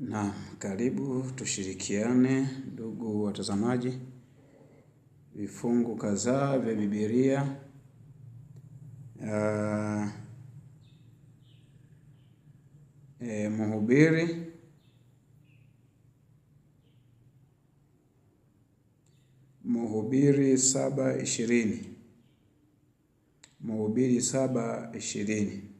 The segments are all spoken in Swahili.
Na karibu tushirikiane, ndugu watazamaji, vifungu kadhaa vya Biblia uh, e, Mhubiri Mhubiri saba ishirini Mhubiri saba ishirini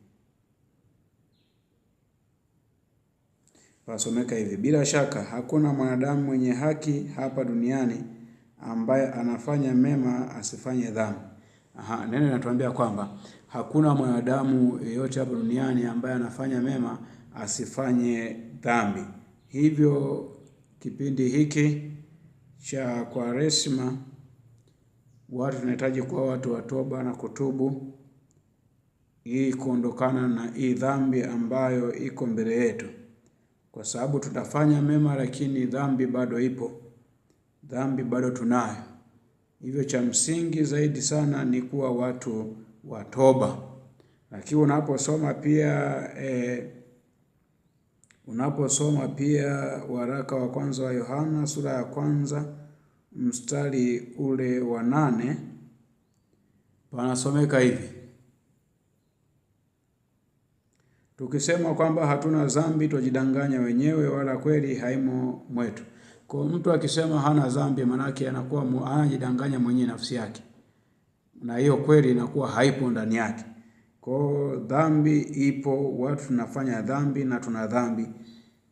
Wasomeka hivi: bila shaka hakuna mwanadamu mwenye haki hapa duniani ambaye anafanya mema asifanye dhambi. Aha, neno linatuambia kwamba hakuna mwanadamu yeyote hapa duniani ambaye anafanya mema asifanye dhambi. Hivyo kipindi hiki cha kwaresima watu tunahitaji kuwa watu wa toba na kutubu ili kuondokana na hii dhambi ambayo iko mbele yetu kwa sababu tutafanya mema, lakini dhambi bado ipo, dhambi bado tunayo. Hivyo cha msingi zaidi sana ni kuwa watu wa toba. Lakini unaposoma pia e, unaposoma pia waraka wa kwanza wa Yohana sura ya kwanza mstari ule wa nane panasomeka hivi Tukisema kwamba hatuna dhambi twajidanganya wenyewe, wala kweli haimo mwetu. Kwa mtu akisema hana dhambi, manake anakuwa anajidanganya mwenyewe nafsi yake, na hiyo kweli inakuwa haipo ndani yake. Kwa dhambi ipo, watu tunafanya dhambi na tuna dhambi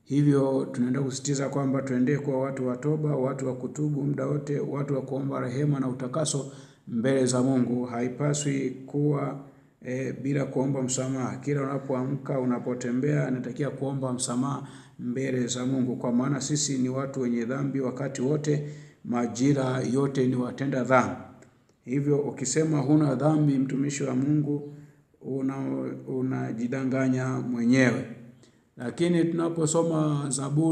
hivyo tunaenda kusisitiza kwamba tuendee kuwa watu wa toba, watu wa kutubu muda wote, watu wa kuomba rehema na utakaso mbele za Mungu. Haipaswi kuwa e, bila kuomba msamaha. Kila unapoamka, unapotembea, natakiwa kuomba msamaha mbele za Mungu, kwa maana sisi ni watu wenye dhambi wakati wote, majira yote ni watenda dhambi. Hivyo ukisema huna dhambi, mtumishi wa Mungu, unajidanganya una mwenyewe. Lakini tunaposoma Zaburi